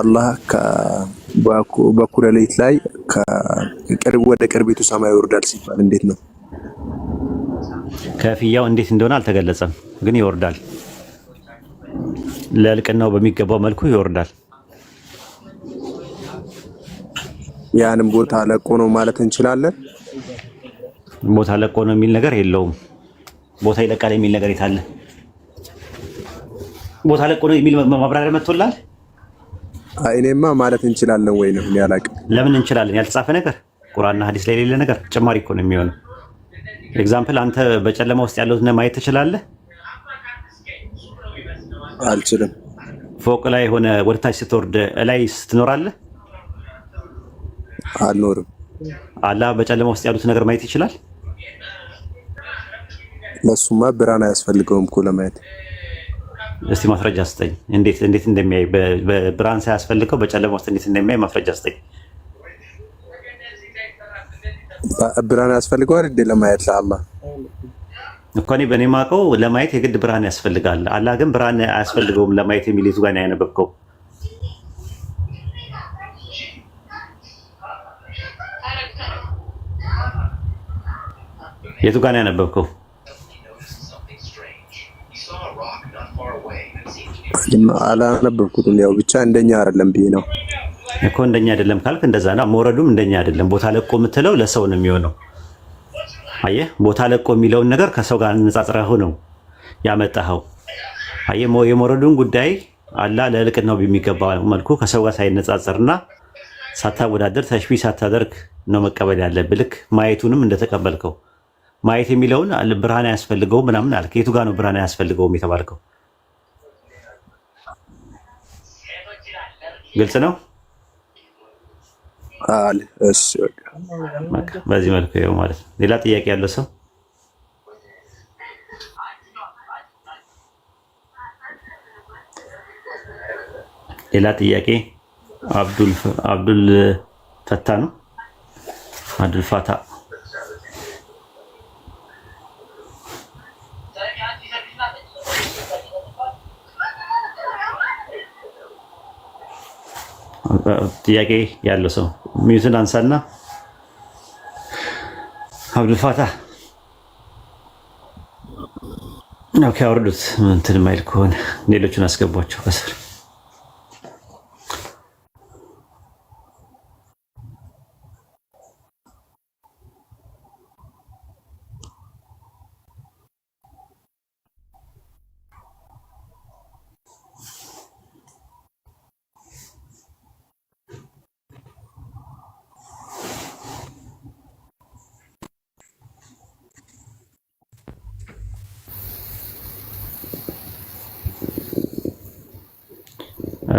አላህ በኩለ ሌሊት ላይ ከቅርብ ወደ ቅርቢቱ ሰማይ ይወርዳል ሲባል እንዴት ነው? ከፍያው እንዴት እንደሆነ አልተገለጸም፣ ግን ይወርዳል። ለእልቅናው በሚገባው መልኩ ይወርዳል። ያንም ቦታ ለቆ ነው ማለት እንችላለን። ቦታ ለቆ ነው የሚል ነገር የለውም። ቦታ ይለቃል የሚል ነገር የታለ? ቦታ ለቆ ነው የሚል ማብራሪያ መጥቶላል። እኔማ ማለት እንችላለን ወይ ነው ያላቅ ለምን እንችላለን? ያልተጻፈ ነገር ቁርአንና ሐዲስ ላይ የሌለ ነገር ጭማሪ እኮ ነው የሚሆነው። ኤግዛምፕል አንተ በጨለማ ውስጥ ያለውን ማየት ትችላለህ? አልችልም። ፎቅ ላይ ሆነ ወደታች ስትወርድ ላይ ስትኖራለህ? አልኖርም። አላህ በጨለማ ውስጥ ያሉት ነገር ማየት ይችላል። ለሱማ ብርሃን አያስፈልገውም እኮ ለማየት እስቲ ማስረጃ ስጠኝ። እንዴት እንዴት እንደሚያይ ብርሃን ሳያስፈልገው በጨለማ ውስጥ እንዴት እንደሚያይ ማስረጃ ስጠኝ። ብርሃን ያስፈልገዋል እንዴ ለማየት? ለአላህ እኮ እኔ በእኔ ማውቀው ለማየት የግድ ብርሃን ያስፈልጋል። አላህ ግን ብርሃን አያስፈልገውም ለማየት የሚል ይዙ ጋር ያነበብከው የቱ ጋር ያነበብከው አላነበብኩትም። ያው ብቻ እንደኛ አይደለም ብዬ ነው እኮ እንደኛ አይደለም ካልክ እንደዛ ነው። መውረዱም እንደኛ አይደለም። ቦታ ለቆ የምትለው ለሰው ነው የሚሆነው። አየህ፣ ቦታ ለቆ የሚለውን ነገር ከሰው ጋር አነጻጽረህ ነው ያመጣኸው። አየህ፣ የመውረዱን ጉዳይ አላ ለልቅ ነው በሚገባ መልኩ ከሰው ጋር ሳይነጻጽርና ሳታወዳደር ተሽቢ ሳታደርግ ነው መቀበል ያለብህ። ልክ ማየቱንም እንደተቀበልከው ማየት የሚለውን ብርሃን አያስፈልገውም ምናምን አልክ። የቱ ጋር ነው ብርሃን አያስፈልገውም የተባልከው? ግልጽ ነው። በዚህ መልኩ ይኸው ማለት ነው። ሌላ ጥያቄ ያለው ሰው ሌላ ጥያቄ አብዱል ፈታ ነው። አብዱል ፈታ ጥያቄ ያለው ሰው ሚዩትን አንሳና አብዱልፋታ ኦኬ፣ አውርዱት። እንትን ማይል ከሆነ ሌሎቹን አስገቧቸው ከስር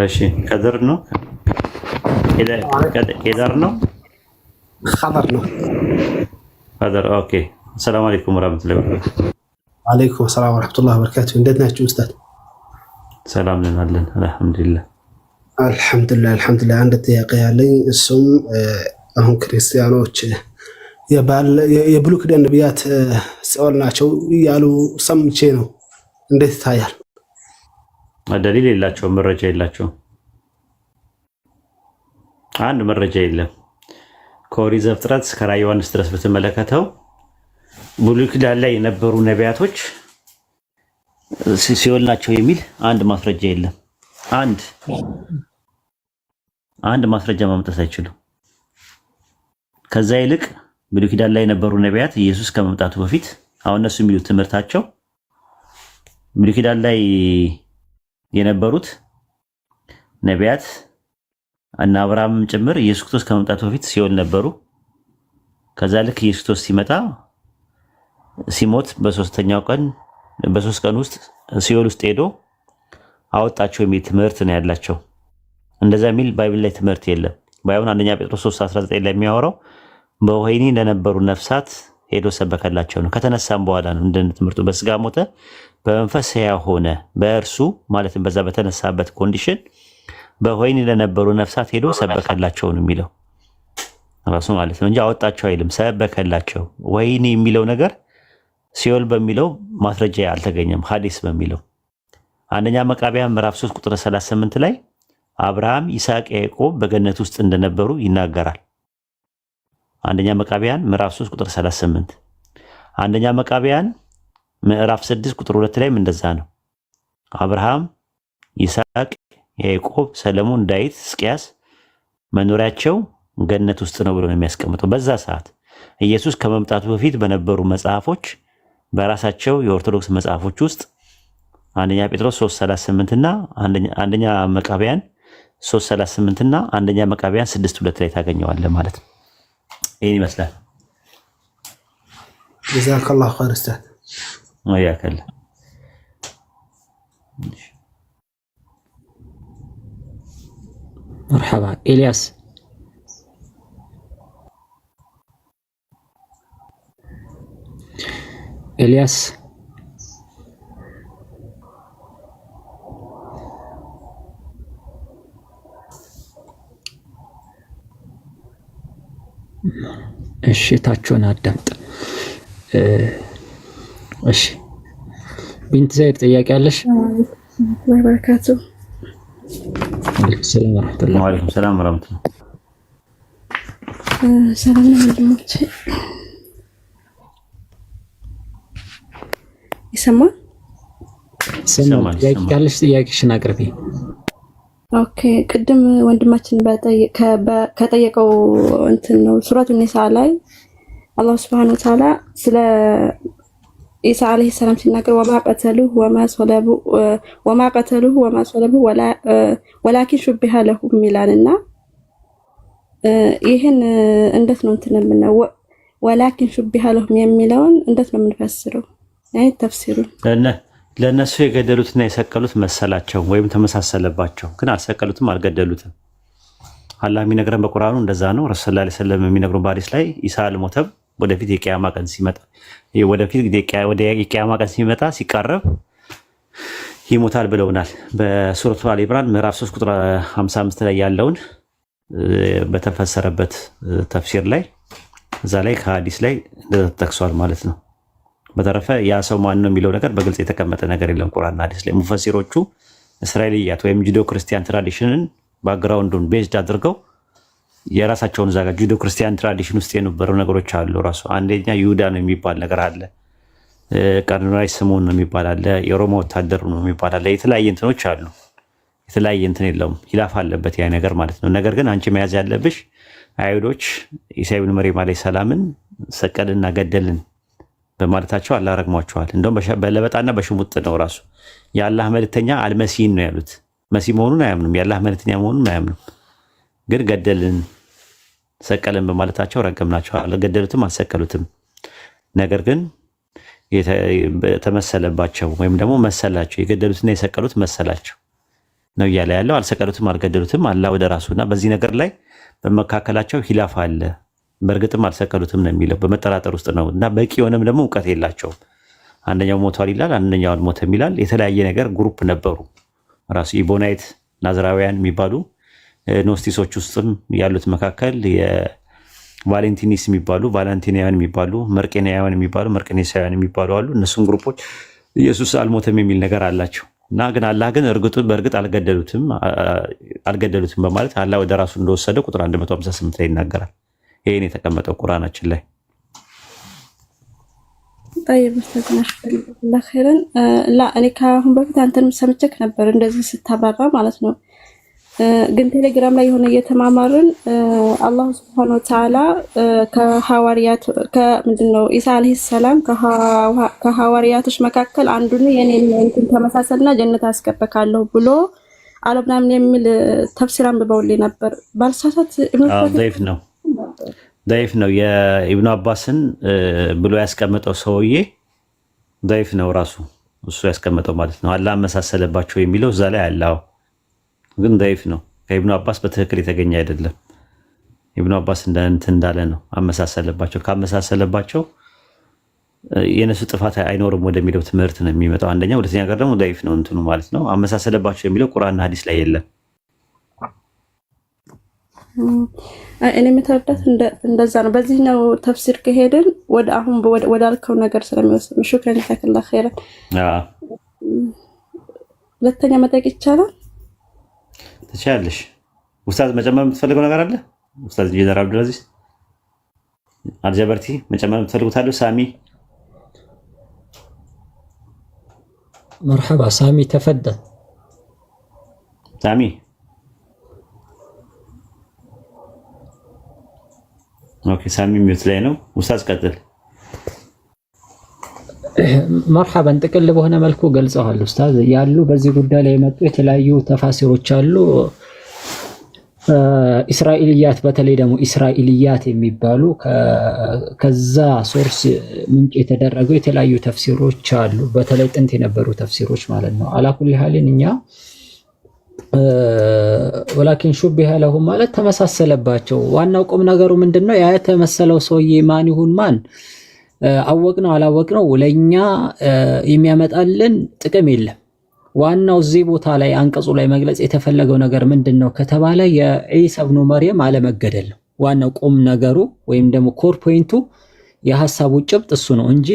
እሺ ቀድር ነው ቀድር ነው ቀድር ነው ቀድር ኦኬ። ሰላም አለይኩም ወራህመቱላሂ ወበረካቱ። አለይኩም ሰላም ወራህመቱላሂ ወበረካቱ። እንዴት ናችሁ ኡስታዝ? ሰላም ነን አለን። አልሐምዱሊላህ አልሐምዱሊላህ አልሐምዱሊላህ። አንድ ጥያቄ ያለኝ እሱም አሁን ክርስቲያኖች የብሉይ ደን ነቢያት ሲኦል ናቸው እያሉ ሰምቼ ነው። እንዴት ይታያል? ደሊል የላቸውም፣ መረጃ የላቸውም። አንድ መረጃ የለም። ከኦሪት ዘፍጥረት እስከ ራዕየ ዮሐንስ ድረስ ብትመለከተው ብሉይ ኪዳን ላይ የነበሩ ነቢያቶች ሲኦል ናቸው የሚል አንድ ማስረጃ የለም። አንድ አንድ ማስረጃ ማምጣት አይችሉም። ከዛ ይልቅ ብሉይ ኪዳን ላይ የነበሩ ነቢያት ኢየሱስ ከመምጣቱ በፊት አሁን እነሱ የሚሉት ትምህርታቸው ብሉይ ኪዳን ላይ የነበሩት ነቢያት እና አብርሃምም ጭምር ኢየሱስ ክርስቶስ ከመምጣቱ በፊት ሲኦል ነበሩ። ከዛ ልክ ኢየሱስ ክርስቶስ ሲመጣ ሲሞት በሶስተኛው ቀን በሶስት ቀን ውስጥ ሲኦል ውስጥ ሄዶ አወጣቸው የሚል ትምህርት ነው ያላቸው። እንደዛ የሚል ባይብል ላይ ትምህርት የለም። ባይሆን አንደኛ ጴጥሮስ 3 19 ላይ የሚያወራው በወህኒ ለነበሩ ነፍሳት ሄዶ ሰበከላቸው ነው። ከተነሳም በኋላ ነው እንደ ትምህርቱ በስጋ ሞተ በመንፈስ ሕያው ሆነ። በእርሱ ማለትም በዛ በተነሳበት ኮንዲሽን በወህኒ ለነበሩ ነፍሳት ሄዶ ሰበከላቸው ነው የሚለው ራሱ ማለት ነው እንጂ አወጣቸው አይልም። ሰበከላቸው። ወህኒ የሚለው ነገር ሲኦል በሚለው ማስረጃ አልተገኘም። ሐዲስ በሚለው አንደኛ መቃቢያ ምዕራፍ 3 ቁጥር 38 ላይ አብርሃም፣ ይስሐቅ፣ ያዕቆብ በገነት ውስጥ እንደነበሩ ይናገራል። አንደኛ መቃቢያን ምዕራፍ 3 ቁጥር 38 አንደኛ መቃቢያን ምዕራፍ 6 ቁጥር 2 ላይም እንደዛ ነው። አብርሃም፣ ይስሐቅ፣ ያዕቆብ፣ ሰለሞን፣ ዳዊት፣ ሕዝቅያስ መኖሪያቸው ገነት ውስጥ ነው ብሎ ነው የሚያስቀምጠው። በዛ ሰዓት ኢየሱስ ከመምጣቱ በፊት በነበሩ መጽሐፎች በራሳቸው የኦርቶዶክስ መጽሐፎች ውስጥ አንደኛ ጴጥሮስ 338 እና አንደኛ መቃቢያን 338 እና አንደኛ መቃቢያን 62 ላይ ታገኘዋለህ ማለት ነው። ይህን ይመስላል። ጀዛከላሁ ኸይር وياك الله مرحبا إلياس إلياس እሺ ታችሁን አዳምጥ እሺ ቢንት ዘይድ ጥያቄ አለሽ? ወበረካቱ ሰላም ሰላም ሰላም ወንድሞች ጥያቄሽን አቅርቢ። ኦኬ ቅድም ወንድማችን ከጠየቀው እንትን ነው ሱረቱ ኒሳ ላይ አላህ ሱብሃነሁ ወተዓላ ስለ ኢሳ አለይሂ ሰላም ሲናገር ወማ ቀተሉሁ ወማ ሰለቡ ወማ ቀተሉሁ ወማ ሰለቡ ወላኪን ሹብሃ ለሁም ይላልና ይህን እንዴት ነው እንትን የምንለው ወላኪን ሹብሃ ለሁም የሚለውን እንዴት ነው የምንፈስረው? አይ ተፍሲሩ ለእነሱ የገደሉትና የሰቀሉት መሰላቸው ወይም ተመሳሰለባቸው፣ ግን አልሰቀሉትም፣ አልገደሉትም። አላህ የሚነግረን በቁርአኑ እንደዛ ነው። ረሱል ሰለላሁ ዐለይሂ ወሰለም የሚነግሩን በሐዲስ ላይ ኢሳ አልሞተም ወደፊት የቅያማ ቀን ሲመጣ ወደፊት የቅያማ ቀን ሲመጣ ሲቃረብ ይሞታል ብለውናል። በሱረቱ አል ኢምራን ምዕራፍ 3 ቁጥር 55 ላይ ያለውን በተፈሰረበት ተፍሲር ላይ እዛ ላይ ከሀዲስ ላይ ተጠቅሷል ማለት ነው። በተረፈ ያ ሰው ማን ነው የሚለው ነገር በግልጽ የተቀመጠ ነገር የለም ቁርአንና ሀዲስ ላይ። ሙፈሲሮቹ እስራኤልያት ወይም ጁዶ ክርስቲያን ትራዲሽንን ባክግራውንዱን ቤዝድ አድርገው የራሳቸውን እዛ ጋር ጁዶ ክርስቲያን ትራዲሽን ውስጥ የነበሩ ነገሮች አሉ። ራሱ አንደኛ ይሁዳ ነው የሚባል ነገር አለ። ቀርሜናዊ ስሙን ነው የሚባል አለ። የሮማ ወታደር ነው የሚባል አለ። የተለያየ እንትኖች አሉ። የተለያየ እንትን የለውም፣ ሂላፍ አለበት ያ ነገር ማለት ነው። ነገር ግን አንቺ መያዝ ያለብሽ አይሁዶች ኢሳ ኢብኑ መርየም ዓለይሂ ሰላምን ሰቀልና ገደልን በማለታቸው አላረግሟቸዋል። እንደውም በለበጣና በሽሙጥ ነው ራሱ የአላህ መልእክተኛ አልመሲን ነው ያሉት። መሲ መሆኑን አያምኑም፣ የአላህ መልእክተኛ መሆኑን አያምኑም። ግን ገደልን ሰቀለን በማለታቸው ረገምናቸው፣ አልገደሉትም፣ አልሰቀሉትም። ነገር ግን ተመሰለባቸው ወይም ደግሞ መሰላቸው፣ የገደሉትና የሰቀሉት መሰላቸው ነው እያለ ያለው። አልሰቀሉትም፣ አልገደሉትም አላ ወደ እና በዚህ ነገር ላይ በመካከላቸው ሂላፍ አለ። በእርግጥም አልሰቀሉትም ነው የሚለው በመጠራጠር ውስጥ ነው እና በቂ የሆነም ደግሞ እውቀት የላቸውም። አንደኛው ሞቷል ይላል፣ አንደኛው አልሞተም ይላል። የተለያየ ነገር ግሩፕ ነበሩ። ራሱ ኢቦናይት ናዝራውያን የሚባሉ ኖስቲሶች ውስጥም ያሉት መካከል የቫሌንቲኒስ የሚባሉ ቫላንቲናውያን የሚባሉ መርቄናውያን የሚባሉ መርቄኔሳውያን የሚባሉ አሉ። እነሱም ግሩፖች ኢየሱስ አልሞተም የሚል ነገር አላቸው እና ግን አላህ ግን እርግጡ በእርግጥ አልገደሉትም አልገደሉትም በማለት አላህ ወደ ራሱ እንደወሰደ ቁጥር 158 ላይ ይናገራል። ይህን የተቀመጠው ቁራናችን ላይ ጠይብ ላ እኔ ከአሁን በፊት አንተንም ሰምቼክ ነበር እንደዚህ ስታብራራ ማለት ነው ግን ቴሌግራም ላይ የሆነ እየተማማርን አላሁ ስብሐነ ወተዓላ ከሐዋርያት ከምንድን ነው ኢሳ አለይሂ ሰላም ከሐዋርያቶች መካከል አንዱን የኔን እንትን ተመሳሰልና ጀነት አስገበካለሁ ብሎ አለ ምናምን የሚል ተፍሲር አንብበውልኝ ነበር። ባልሳሳት ደይፍ ነው ደይፍ ነው። የኢብኑ አባስን ብሎ ያስቀመጠው ሰውዬ ደይፍ ነው ራሱ እሱ ያስቀመጠው ማለት ነው። አላህ አመሳሰለባቸው የሚለው እዛ ላይ አለው ግን ዳይፍ ነው። ከኢብኑ አባስ በትክክል የተገኘ አይደለም። ኢብኑ አባስ እንትን እንዳለ ነው። አመሳሰለባቸው። ካመሳሰለባቸው የእነሱ ጥፋት አይኖርም ወደሚለው ትምህርት ነው የሚመጣው። አንደኛ፣ ሁለተኛ ነገር ደግሞ ዳይፍ ነው እንትኑ ማለት ነው። አመሳሰለባቸው የሚለው ቁርአንና ሀዲስ ላይ የለም። እኔ የምትረዳት እንደዛ ነው። በዚህኛው ተፍሲር ከሄድን ወደ አሁን ወዳልከው ነገር ስለሚወስድ ሹክረን ተክላ ኸይረን ሁለተኛ መጠቅ ይቻላል። ትችላለሽ። ውስታዝ መጨመር የምትፈልገው ነገር አለ? ውስታዝ ጀነራል አብዱልአዚዝ አልጀበርቲ መጨመር የምትፈልጉት አለ? ሳሚ መርሐባ። ሳሚ ተፈደል። ሳሚ ኦኬ። ሳሚ ሚዩት ላይ ነው። ውስታዝ ቀጥል። መርሐበን ጥቅል በሆነ መልኩ ገልጸዋል ኡስታዝ ያሉ በዚህ ጉዳይ ላይ የመጡ የተለያዩ ተፋሲሮች አሉ። እስራኤልያት በተለይ ደግሞ እስራኤልያት የሚባሉ ከዛ ሶርስ ምንጭ የተደረጉ የተለያዩ ተፍሲሮች አሉ። በተለይ ጥንት የነበሩ ተፍሲሮች ማለት ነው። አላኩል ሀሊን እኛ ወላኪን ሹቢሀ ለሁም ማለት ተመሳሰለባቸው። ዋናው ቁም ነገሩ ምንድን ነው? ያ የተመሰለው ሰውዬ ማን ይሁን ማን አወቅ ነው አላወቅ ነው ለእኛ የሚያመጣልን ጥቅም የለም። ዋናው እዚህ ቦታ ላይ አንቀጹ ላይ መግለጽ የተፈለገው ነገር ምንድን ነው ከተባለ የዒሳ ብኑ መርየም አለመገደል ነው። ዋናው ቁም ነገሩ ወይም ደግሞ ኮርፖይንቱ የሀሳቡ ጭብጥ እሱ ነው እንጂ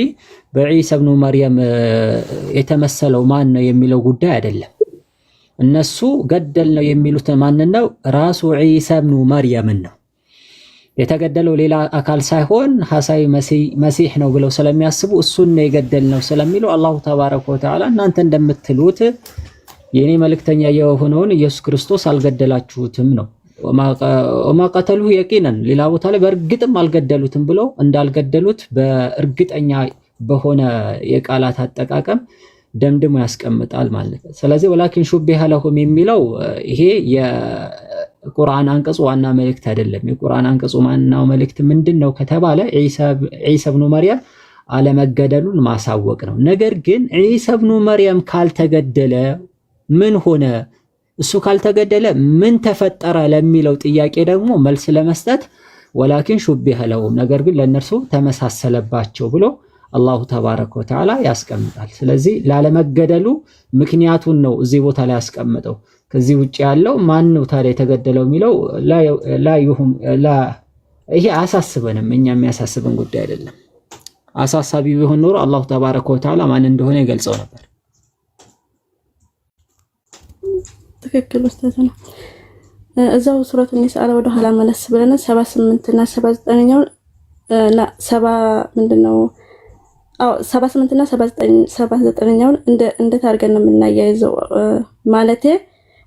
በዒሳ ብኑ መርየም የተመሰለው ማን ነው የሚለው ጉዳይ አይደለም። እነሱ ገደል ነው የሚሉት ማንን ነው? ራሱ ዒሳ ብኑ መርየምን ነው የተገደለው ሌላ አካል ሳይሆን ሐሳዊ መሲህ ነው ብለው ስለሚያስቡ እሱን ነው ነው ስለሚሉ አላሁ ተባረከ ወተዓላ እናንተ እንደምትሉት የእኔ መልእክተኛ የሆነውን ኢየሱስ ክርስቶስ አልገደላችሁትም ነው። ወማ የቂነን ሌላ ቦታ ላይ በእርግጥም አልገደሉትም ብለው እንዳልገደሉት በእርግጠኛ በሆነ የቃላት አጠቃቀም ደምድሞ ያስቀምጣል ማለት ነው። ስለዚህ ወላኪን ሹቢሀ ለሁም የሚለው ይሄ የቁርአን አንቀጹ ዋና መልእክት አይደለም። የቁርአን አንቀጹ ዋናው መልእክት ምንድን ነው ከተባለ ዒሳ ብኑ መርያም አለመገደሉን ማሳወቅ ነው። ነገር ግን ዒሳ ብኑ መርያም ካልተገደለ ምን ሆነ፣ እሱ ካልተገደለ ምን ተፈጠረ ለሚለው ጥያቄ ደግሞ መልስ ለመስጠት ወላኪን ሹቢሀ ለሁም ነገር ግን ለእነርሱ ተመሳሰለባቸው ብሎ አላሁ ተባረከ ወተዓላ ያስቀምጣል። ስለዚህ ላለመገደሉ ምክንያቱን ነው እዚህ ቦታ ላይ ያስቀምጠው። ከዚህ ውጭ ያለው ማን ነው ታዲያ የተገደለው የሚለው ይሄ አያሳስበንም። እኛ የሚያሳስበን ጉዳይ አይደለም። አሳሳቢ ቢሆን ኖሮ አላሁ ተባረከ ወተዓላ ማን እንደሆነ ይገልጸው ነበር። ትክክል ኡስታዝ ነው። እዛው ሱረት ኒሳ ወደ መለስ ብለን ሰባ ስምንት እና ሰባ ዘጠነኛው ሰባ ምንድን ነው አዎ ሰባ ስምንት እና ሰባ ዘጠነኛውን እንዴት አድርገን ነው የምናያይዘው? ማለቴ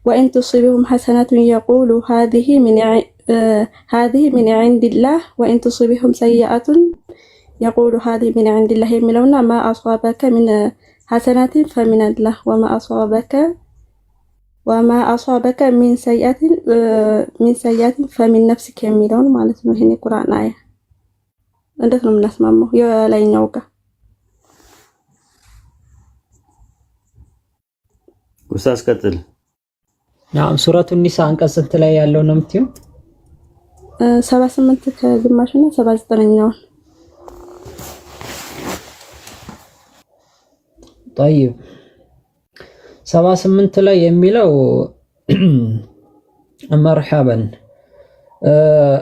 ወኢን ቱሲብሁም ሐሰናቱን የቁሉ ሀዚህ ሚን ዒንዲላህ ወኢን ቱሲብሁም ሰይአቱን የቁሉ ሀዚህ ሚን ዒንዲላህ የሚለውና ማ አሷበከ ሚን ሐሰናትን ፈሚንላህ ወማ አሷበከ ወማ አሷበከ ሚን ሰይአትን ፈሚን ነፍስክ የሚለውን ማለት ነው። ይሄን የቁርአን አያ እንዴት ነው የምናስማማው የላይኛው ጋር ኡስታዝ ቀጥል። ናም ሱረቱ ኒሳ አንቀጽ ስንት ላይ ያለው ነው የምትዩ? 78 ከግማሽ እና 79ኛውን። طيب 78 ላይ የሚለው መርሐበን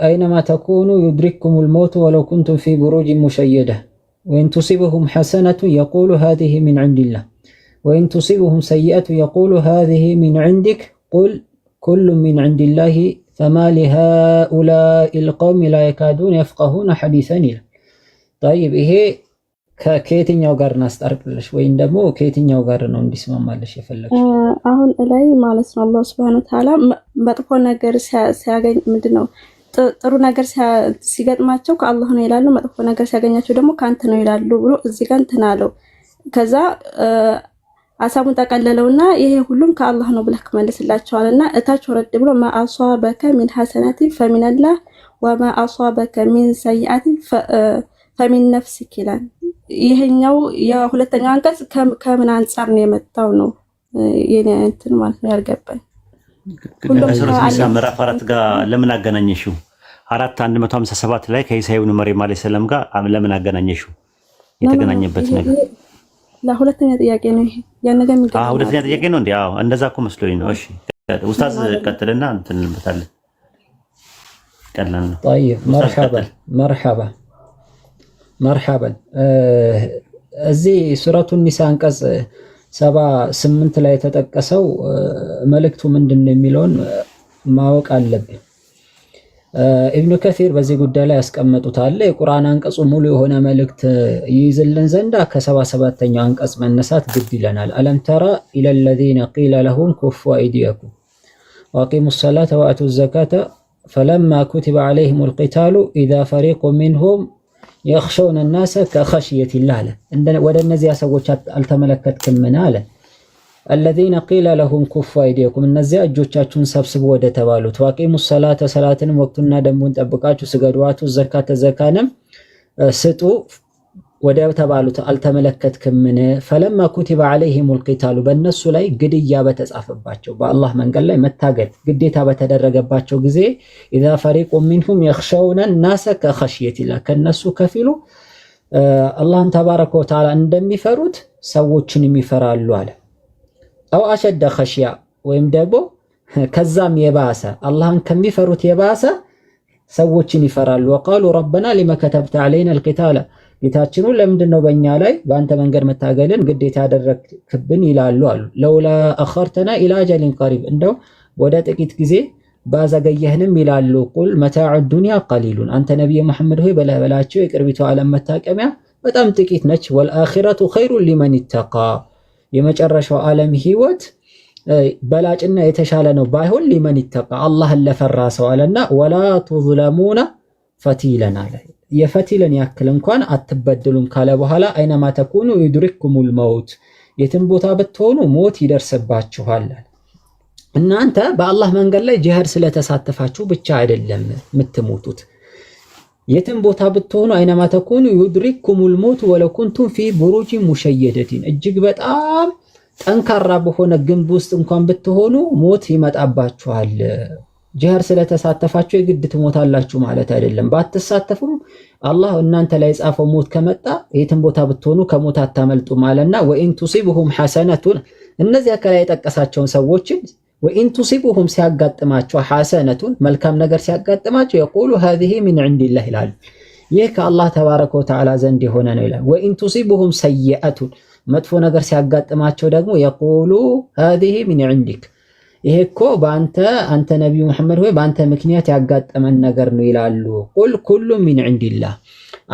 አይነማ ተኩኑ ዩድሪክኩሙል መውት ወለው ኩንቱም ፊ ቡሩጅ ሙሸየደ ወኢን ቱሲብሁም ሐሰነቱን የቁሉ ሃዚሂ ሚን ዒንዲላህ ወይን ቱሲብሁም ሰይአቱ የቁሉ ሃዚሂ ሚን ዒንዲክ ቁል ኩሉ ሚን ዒንዲላሂ ፈማ ሊሃኡላኢል ቀውሚ ላ የካዱነ የፍቀሁነ ሐዲሰን ይላል። ጠይብ ይሄ ከየትኛው ጋር እናስጣርቅልሽ ወይም ደግሞ ከየትኛው ጋር ነው እንዲስማማልሽ የፈለግሽ? አሁን ላይ ማለት ነው አላህ ስብሐነ ወተዓላ መጥፎ ነገር ሲያገኝ ምንድን ነው ጥሩ ነገር ሲገጥማቸው ከአላህ ነው ይላሉ፣ መጥፎ ነገር ሲያገኛቸው ደግሞ ከአንተ ነው ይላሉ ብሎ እዚህ ጋር እንትን አለው ከዛ ሀሳቡን ጠቀለለውና ይሄ ሁሉም ከአላህ ነው ብለህ መልስላቸዋል። እና እታች ወረድ ብሎ ማአሷበከ ሚን ሐሰናቲን ፈሚንላህ ወማአሷበከ ሚን ሰይአቲን ፈሚን ነፍሲክ ይላል። ይሄኛው የሁለተኛው አንቀጽ ከምን አንጻር ነው የመጣው ነው የኔ እንትን ማለት ነው ያልገባኝ። ምዕራፍ አራት ጋር ለምን አገናኘሽው? አራት አንድ መቶ ሀምሳ ሰባት ላይ ከኢሳይ ብኑ መርየም ዓለይሂ ሰላም ጋር ለምን አገናኘሽው? የተገናኘበት ነገር ለሁለተኛ ጥያቄ ነው ይሄ ያን ነገር የሚገባ አዎ፣ ሁለተኛ ጥያቄ ነው እንዴ? አዎ፣ እንደዛ እኮ መስሎኝ ነው። እሺ ኡስታዝ ቀጥልና እንትን እንበታለን። ቀላል ነው። طيب مرحبا مرحبا مرحبا እዚህ ሱረቱ ኒሳ አንቀጽ ሰባ ስምንት ላይ የተጠቀሰው መልእክቱ ምንድን ነው የሚለውን ማወቅ አለብን። ኢብኑ ከሲር በዚህ ጉዳይ ላይ ያስቀመጡታል። የቁርአን አንቀጹ ሙሉ የሆነ መልእክት ይይዝልን ዘንዳ ከሰባ ሰባተኛው አንቀጽ መነሳት ግድ ይለናል። አለም ተራ ኢለለዚነ ቂለ ለሁም ኩፉ አይዲየኩም ወአቂሙ ሰላተ ወአቱ ዘካተ ፈለማ ኩቲበ ዓለይሂም ልቂታሉ ኢዛ ፈሪቁ ሚንሁም የኽሸውነ ናሰ ከኸሽየቲላህ አለ። ወደ እነዚያ ሰዎች አልተመለከትክምን አለ አለዚነ ቂለ ለሁም ኩፉ አይዲየኩም እነዚያ እጆቻችሁን ሰብስቡ ወደ ተባሉት ዋቂሙ ሰላተ ሰላትንም ወቅቱና ደንቡን ጠብቃችሁ ስገዱ፣ ዋቱ ዘካተ ስጡ ወደ ተባሉት አልተመለከትክምን? ፈለማ ኩቲበ ዓለይሂሙል ቂታሉ በእነሱ ላይ ግድያ በተጻፈባቸው በአላህ መንገድ ላይ መታገል ግዴታ በተደረገባቸው ጊዜ ኢዛ ፈሪቁን ሚንሁም የኽሸውነ ናሰ ከኸሽየቲላህ ከነሱ ከፊሉ አላህን ተባረከ ወተዓላ እንደሚፈሩት ሰዎችን የሚፈራሉ አለ። አው አሸደ ኸሽያ ወይም ደግሞ ከዛም የባሰ አላህን ከሚፈሩት የባሰ ሰዎችን ይፈራሉ። ወቃሉ ረበና ሊመ ከተብተ ዓለይና አልቂታለ ጌታችን ለምንድን ነው በእኛ ላይ በአንተ መንገድ መታገልን ግዴታ ያደረግክብን? ይላሉ አሉ። ለውላ አኸርተና ኢላ አጀሊን ቀሪብ እንደው ወደ ጥቂት ጊዜ ባዘገየህንም ይላሉ። ቁል መታዕ ዱንያ ቀሊሉን አንተ ነቢይ መሐመድ ሆይ በላበላቸው የቅርቢቱ ዓለም መታቀሚያ በጣም ጥቂት ነች። ወልአኺረቱ ኸይሩን ሊመን ይተቃ የመጨረሻው ዓለም ህይወት በላጭና የተሻለ ነው። ባይሆን ሊመን ይተቃ አላህን ለፈራ ሰው አለና ወላ ቱዝለሙና ፈቲለን አለ። የፈቲለን ያክል እንኳን አትበድሉም ካለ በኋላ አይነማ ተኩኑ ዩድሪክኩሙል መውት፣ የትም ቦታ ብትሆኑ ሞት ይደርስባችኋል። እናንተ በአላህ መንገድ ላይ ጂሃድ ስለተሳተፋችሁ ብቻ አይደለም የምትሞቱት የትም ቦታ ብትሆኑ አይነማ ተኩኑ ዩድሪክኩሙል ሞት ወለው ኩንቱም ፊ ቡሩጅ ሙሸየደቲን እጅግ በጣም ጠንካራ በሆነ ግንብ ውስጥ እንኳን ብትሆኑ ሞት ይመጣባችኋል። ጅሃድ ስለተሳተፋችሁ የግድ ትሞታላችሁ ማለት አይደለም። ባትሳተፉም አላህ እናንተ ላይ የጻፈው ሞት ከመጣ የትም ቦታ ብትሆኑ ከሞት አታመልጡ ማለትና ወኢን ቱሲብሁም ሐሰነቱን እነዚያ ከላይ የጠቀሳቸውን ሰዎችን ወኢን ቱሲቡሁም ሲያጋጥማቸው ሐሰነቱን መልካም ነገር ሲያጋጥማቸው የቁሉ ሃዚህ ሚን ዒንዲላህ ይላሉ። ይህ ከአላህ ተባረከ ወተዓላ ዘንድ የሆነ ነው ይላል። ወኢን ቱሲቡሁም ሰይአቱን መጥፎ ነገር ሲያጋጥማቸው ደግሞ የቁሉ ሃዚህ ሚን ዒንዲክ ይሄ እኮ በአንተ አንተ ነቢዩ መሐመድ ሆይ በአንተ ምክንያት ያጋጠመን ነገር ነው ይላሉ። ቁል ኩሉ ሚን ዒንዲላህ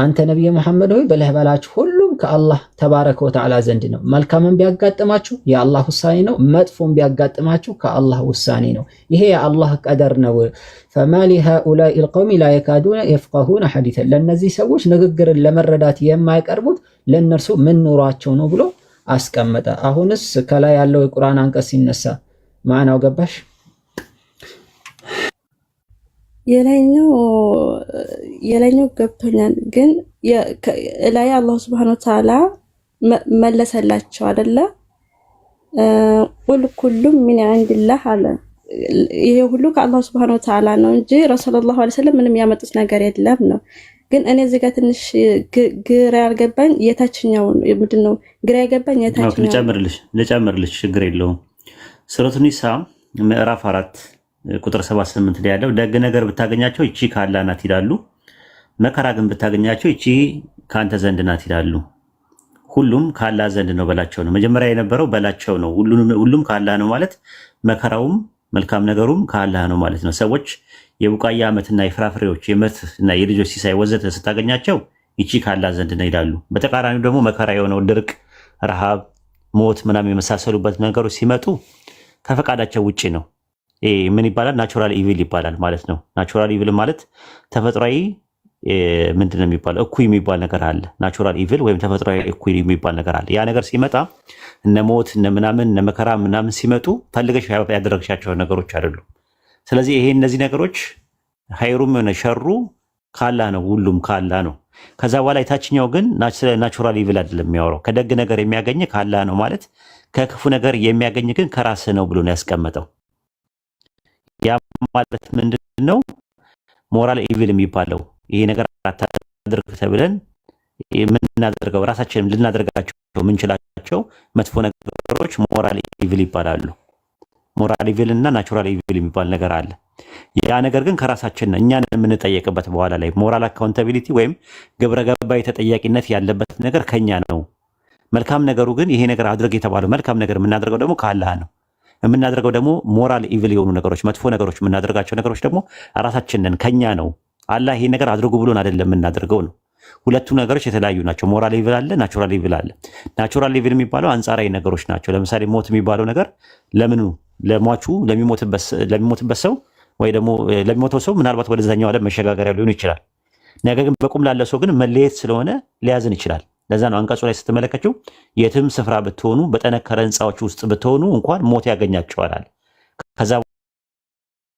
አንተ ነቢይ መሐመድ ሆይ በለህ በላችሁ፣ ሁሉም ከአላህ ተባረከ ወተዓላ ዘንድ ነው። መልካምን ቢያጋጥማችሁ የአላህ ውሳኔ ነው፣ መጥፎም ቢያጋጥማችሁ ከአላህ ውሳኔ ነው። ይሄ የአላህ ቀደር ነው። ፈማሊ ሊሃኡላኢ ልቀውሚ ላ የካዱነ የፍቀሁነ ሐዲተን፣ ለእነዚህ ሰዎች ንግግርን ለመረዳት የማይቀርቡት ለእነርሱ ምን ኑሯቸው ነው ብሎ አስቀመጠ። አሁንስ ከላይ ያለው የቁርአን አንቀጽ ሲነሳ ማናው ገባሽ? የላይኛው የላይኛው ገብቶኛል፣ ግን ላይ አላሁ ስብሃነ ወተዓላ መለሰላቸው አደለ? ቁል ኩሉም ሚን ዒንዲላህ አለ። ይሄ ሁሉ ከአላሁ ስብሃነ ወተዓላ ነው እንጂ ረሱል ዐለይሂ ወሰለም ምንም ያመጡት ነገር የለም ነው። ግን እኔ እዚህ ጋር ትንሽ ግራ ያልገባኝ የታችኛው ምንድን ነው? ግራ ያገባኝ የታችኛው ልጨምርልሽ፣ ችግር የለውም ሱረቱ ኒሳ ምዕራፍ አራት ቁጥር 78 ላይ ያለው ደግ ነገር ብታገኛቸው ይቺ ካላ ናት ይላሉ፣ መከራ ግን ብታገኛቸው ይቺ ከአንተ ዘንድ ናት ይላሉ። ሁሉም ካላ ዘንድ ነው በላቸው ነው። መጀመሪያ የነበረው በላቸው ነው። ሁሉም ካላ ነው ማለት መከራውም መልካም ነገሩም ካላ ነው ማለት ነው። ሰዎች የቡቃያ ዓመትና የፍራፍሬዎች እና የልጆች ሲሳይ ወዘተ ስታገኛቸው ይቺ ካላ ዘንድ ነው ይላሉ። በተቃራኒው ደግሞ መከራ የሆነው ድርቅ፣ ረሃብ፣ ሞት ምናምን የመሳሰሉበት ነገሮች ሲመጡ ከፈቃዳቸው ውጭ ነው። ምን ይባላል? ናቹራል ኢቪል ይባላል ማለት ነው። ናቹራል ኢቪል ማለት ተፈጥሯዊ ምንድነው ነው የሚባለው? እኩይ የሚባል ነገር አለ። ናቹራል ኢቪል ወይም ተፈጥሯዊ እኩይ የሚባል ነገር አለ። ያ ነገር ሲመጣ እነ ሞት እነ ምናምን እነ መከራ ምናምን ሲመጡ ፈልገሽ ያደረግሻቸው ነገሮች አይደሉም። ስለዚህ ይሄ እነዚህ ነገሮች ሀይሩም የሆነ ሸሩ ካላ ነው፣ ሁሉም ካላ ነው። ከዛ በኋላ የታችኛው ግን ስለ ናቹራል ኢቪል አይደለም የሚያወራው። ከደግ ነገር የሚያገኝ ካላ ነው ማለት ከክፉ ነገር የሚያገኝ ግን ከራስ ነው ብሎ ነው ያስቀመጠው። ያ ማለት ምንድን ነው? ሞራል ኢቪል የሚባለው ይሄ ነገር አታድርግ ተብለን የምናደርገው ራሳችንም ልናደርጋቸው የምንችላቸው መጥፎ ነገሮች ሞራል ኢቪል ይባላሉ። ሞራል ኢቪል እና ናቹራል ኢቪል የሚባል ነገር አለ። ያ ነገር ግን ከራሳችን እኛን የምንጠየቅበት በኋላ ላይ ሞራል አካውንታቢሊቲ ወይም ግብረ ገባዊ ተጠያቂነት ያለበት ነገር ከኛ ነው። መልካም ነገሩ ግን ይሄ ነገር አድርግ የተባለው መልካም ነገር የምናደርገው ደግሞ ከአላህ ነው። የምናደርገው ደግሞ ሞራል ኢቪል የሆኑ ነገሮች፣ መጥፎ ነገሮች የምናደርጋቸው ነገሮች ደግሞ ራሳችንን ከኛ ነው። አላህ ይሄ ነገር አድርጉ ብሎን አይደለም የምናደርገው ነው። ሁለቱ ነገሮች የተለያዩ ናቸው። ሞራል ኢቪል አለ፣ ናቹራል ኢቪል አለ። ናቹራል ኢቪል የሚባለው አንጻራዊ ነገሮች ናቸው። ለምሳሌ ሞት የሚባለው ነገር ለምኑ ለሟቹ ለሚሞትበት ሰው ወይ ደግሞ ለሚሞተው ሰው ምናልባት ወደዛኛው ዓለም መሸጋገሪያ ሊሆን ይችላል። ነገር ግን በቁም ላለ ሰው ግን መለየት ስለሆነ ሊያዝን ይችላል። ለዛ ነው አንቀጹ ላይ ስትመለከችው የትም ስፍራ ብትሆኑ በጠነከረ ህንፃዎች ውስጥ ብትሆኑ እንኳን ሞት ያገኛቸዋል። ከዛ